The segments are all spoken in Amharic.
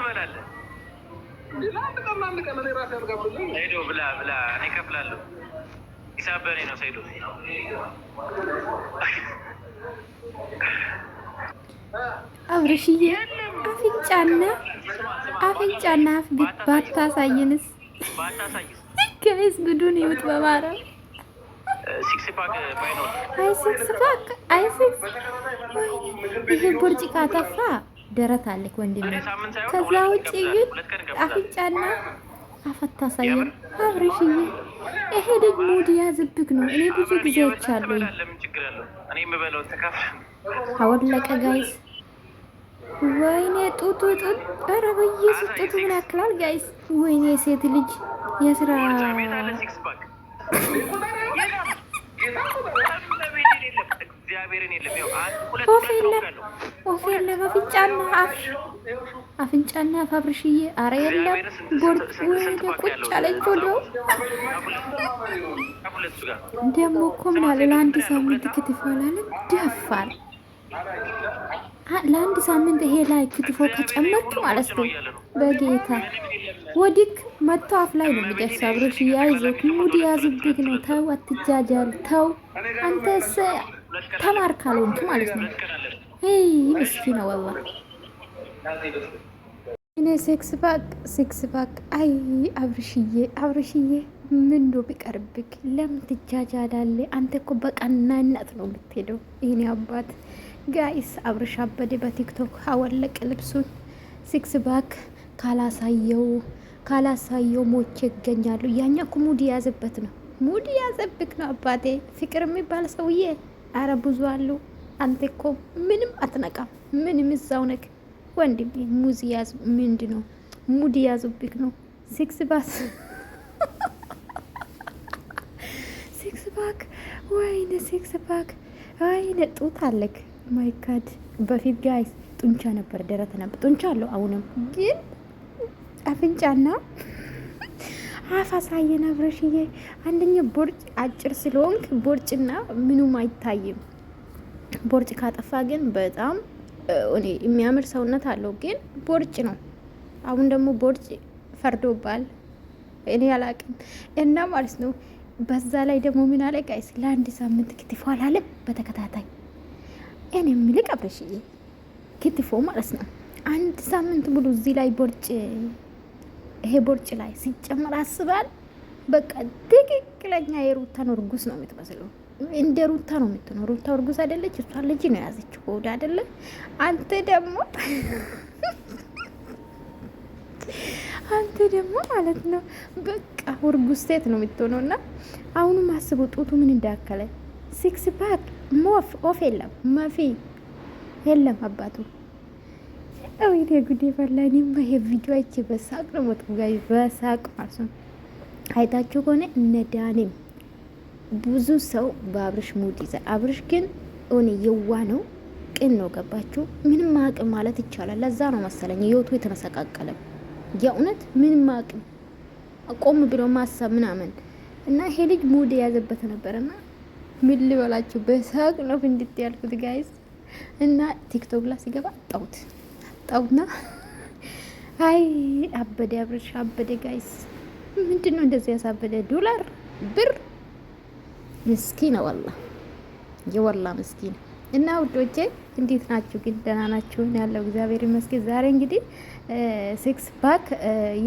ትበላለህ? ሰይዶ ብላ ብላ፣ እኔ እከፍላለሁ። ሂሳብ በእኔ ነው። ሰይዶ አብርሽዬ፣ አፍንጫና አፍንጫና አፍ ባታሳይንስ ከቤስ ጉዱን ይውጥ በማረ አይ ሲክስ ፓክ አይ ሲክስ ይሄ ቦርጭ ካተፋ ደረት አለክ ወንድሜ። ከዛ ውጭ ግን አፍንጫና አፈታ አፈታሳየን አብሬሽዬ፣ ይሄ ደግሞ ዲያ ያዝብክ ነው። እኔ ብዙ ጊዜ ይቻለኝ አወለቀ ጋይስ። ወይኔ ጡቱ ጡት፣ ኧረ በኢየሱስ ጡቱ ምን ያክላል ጋይስ? ወይኔ ሴት ልጅ የስራ ኮፍ የለም ወፍ የለም አፍንጫና አፍ አፍንጫና አፍ አብርሽዬ፣ አረ የለም ቦርጭ ወደ ቁጭ አለች። ወደ ደግሞ እኮ ምን ለአንድ ሳምንት ክትፎ ላለ ደፋል። ለአንድ ሳምንት ይሄ ላይ ክትፎ ከጨመርክ ማለት ነው በጌታ ወዲክ መጥቶ አፍ ላይ ነው የሚደርሰው። አብርሽዬ አይዞህ፣ ሙድ ያዝብህ ነው። ተው አትጃጃል፣ ተው አንተ ተማርካለንክ ማለት ነው ምስኪና ወላ እኔ ሴክስ ባክ ሴክስ ባክ። አይ አብርሽዬ አብርሽዬ ምን ዶ ቢቀርብክ ለምን ትጃጃላለ? አንተ እኮ በቀናነት ነው የምትሄደው። ይህኔ አባት ጋይስ አብርሽ አበደ በቲክቶክ አወለቅ ልብሱን። ሲክስ ባክ ካላሳየው ካላሳየው ሞቼ ይገኛሉ። ያኛ እኮ ሙድ የያዘበት ነው ሙድ የያዘብክ ነው አባቴ። ፍቅር የሚባል ሰውዬ አረ ብዙ አሉ። አንተ እኮ ምንም አትነቃም፣ ምንም እዛው ነክ ወንድሜ። ሙዝ ያዝ ምንድ ነው ሙድ ያዙብክ ነው። ሲክስ ባስ ሲክስ ባክ፣ ወይኔ ሲክስ ባክ፣ ወይኔ ጡት አለክ። ማይ ጋድ በፊት ጋይስ ጡንቻ ነበር፣ ደረት ነበር፣ ጡንቻ አለው አሁንም ግን አፍንጫና አፍ አሳየን አብረሽዬ። አንደኛ ቦርጭ አጭር ስለሆንክ ቦርጭና ምኑም አይታይም። ቦርጭ ካጠፋ ግን በጣም እኔ የሚያምር ሰውነት አለው፣ ግን ቦርጭ ነው። አሁን ደግሞ ቦርጭ ፈርዶባል። እኔ አላቅም እና ማለት ነው። በዛ ላይ ደግሞ ምን አለ ጋይስ፣ ለአንድ ሳምንት ክትፎ አላለም በተከታታይ። እኔ የምልህ አብረሽዬ ክትፎ ማለት ነው አንድ ሳምንት ሙሉ እዚህ ላይ ቦርጭ፣ ይሄ ቦርጭ ላይ ሲጨመር አስባል። በቃ ትክክለኛ የሩታን እርጉዝ ነው የምትመስለው። እንደ ሩታ ነው የምትሆነው። ሩታ እርጉዝ አይደለች፣ እሷ ልጅ ነው የያዘችው ከወደ አይደለ። አንተ ደግሞ አንተ ደግሞ ማለት ነው በቃ እርጉዝ ሴት ነው የምትሆነው። እና አሁንም አስቡ ጡቱ ምን እንዳከለ ሲክስ ፓክ ሞፍ ኦፍ የለም መፊ የለም አባቱ አቤት የጉዴ ፈላ። እኔማ ይሄ ቪዲዮ አይቼ በሳቅ ነው ሞት ጋይ በሳቅ ማለት ነው። አይታችሁ ከሆነ እነ ዳኔም ብዙ ሰው በአብርሽ ሙድ ይዛል። አብርሽ ግን እኔ የዋ ነው፣ ቅን ነው። ገባችሁ? ምንም አቅም ማለት ይቻላል። ለዛ ነው መሰለኝ ህይወቱ የተመሰቃቀለ የእውነት ምንም አቅም ቆም ብሎ ማሰብ ምናምን እና ይሄ ልጅ ሙድ የያዘበት ነበረና ምን ልበላችሁ በሳቅ ነው እንድት ያልኩት ጋይስ። እና ቲክቶክ ላይ ሲገባ አጣሁት አጣሁትና አይ አበደ አብርሽ አበደ ጋይስ። ምንድን ነው እንደዚህ ያሳበደ ዶላር ብር ምስኪን ወላ የወላ ምስኪን እና ውዶቼ እንዴት ናችሁ? ግን ደህና ናችሁ? ያለው እግዚአብሔር ይመስገን። ዛሬ እንግዲህ ሲክስ ፓክ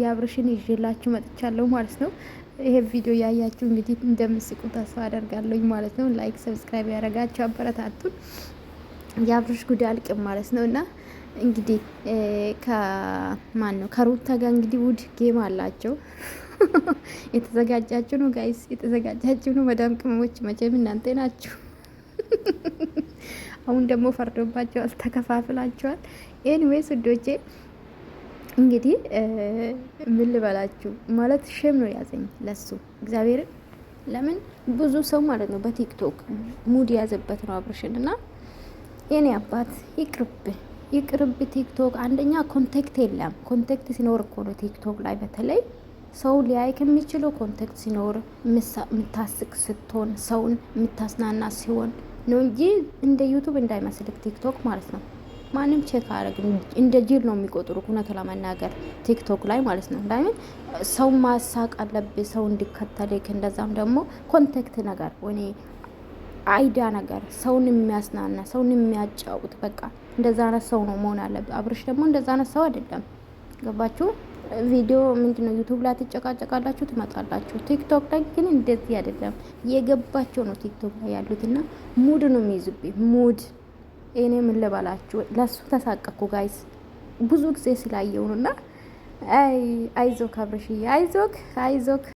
የአብርሽን ይዤላችሁ መጥቻለሁ ማለት ነው። ይሄ ቪዲዮ ያያችሁ እንግዲህ እንደምስቁ ተስፋ አደርጋለሁ ማለት ነው። ላይክ፣ ሰብስክራይብ ያደረጋችሁ አበረታቱን። የአብርሽ ጉድ አልቅም ማለት ነው እና እንግዲህ ከማን ነው ከሩታ ጋር እንግዲህ ውድ ጌም አላቸው የተዘጋጃችሁ ነው ጋይስ፣ የተዘጋጃችሁ ነው። መዳም ቅመሞች መቼም እናንተ ናችሁ። አሁን ደግሞ ፈርዶባቸዋል፣ ተከፋፍላቸዋል። ኤኒዌይስ ውዶቼ እንግዲህ ምን ልበላችሁ ማለት ሼም ነው ያዘኝ ለሱ እግዚአብሔርን ለምን ብዙ ሰው ማለት ነው በቲክቶክ ሙድ የያዘበት ነው አብርሽን እና የኔ አባት ይቅርብ ይቅርብ ቲክቶክ አንደኛ ኮንታክት የለም ኮንታክት ሲኖር እኮ ነው ቲክቶክ ላይ በተለይ ሰው ሊያይ ከሚችለው ኮንታክት ሲኖር የምታስቅ ስትሆን ሰውን የምታስናና ሲሆን ነው እንጂ እንደ ዩቱብ እንዳይመስልክ ቲክቶክ ማለት ነው። ማንም ቼክ አረግ እንደ ጅል ነው የሚቆጥሩ እውነቱ ለመናገር ቲክቶክ ላይ ማለት ነው። ለምን ሰው ማሳቅ አለብ ሰው እንዲከተል እንደዛም ደግሞ ኮንታክት ነገር ወይ አይዳ ነገር ሰውን የሚያስናና ሰውን የሚያጫውት በቃ እንደዛ አይነት ሰው ነው መሆን አለብ አብርሽ ደግሞ እንደዛ አይነት ሰው አይደለም። ገባችሁ? ቪዲዮ ምንድነው ዩቱብ ላይ ትጨቃጨቃላችሁ፣ ትመጣላችሁ። ቲክቶክ ላይ ግን እንደዚህ አይደለም። የገባቸው ነው ቲክቶክ ላይ ያሉትና ሙድ ነው የሚይዙብኝ። ሙድ እኔ ምን ልበላችሁ፣ ለሱ ተሳቀኩ ጋይስ። ብዙ ጊዜ ስላየው ነውና፣ አይ አይዞክ አብረሽዬ፣ አይዞክ አይዞክ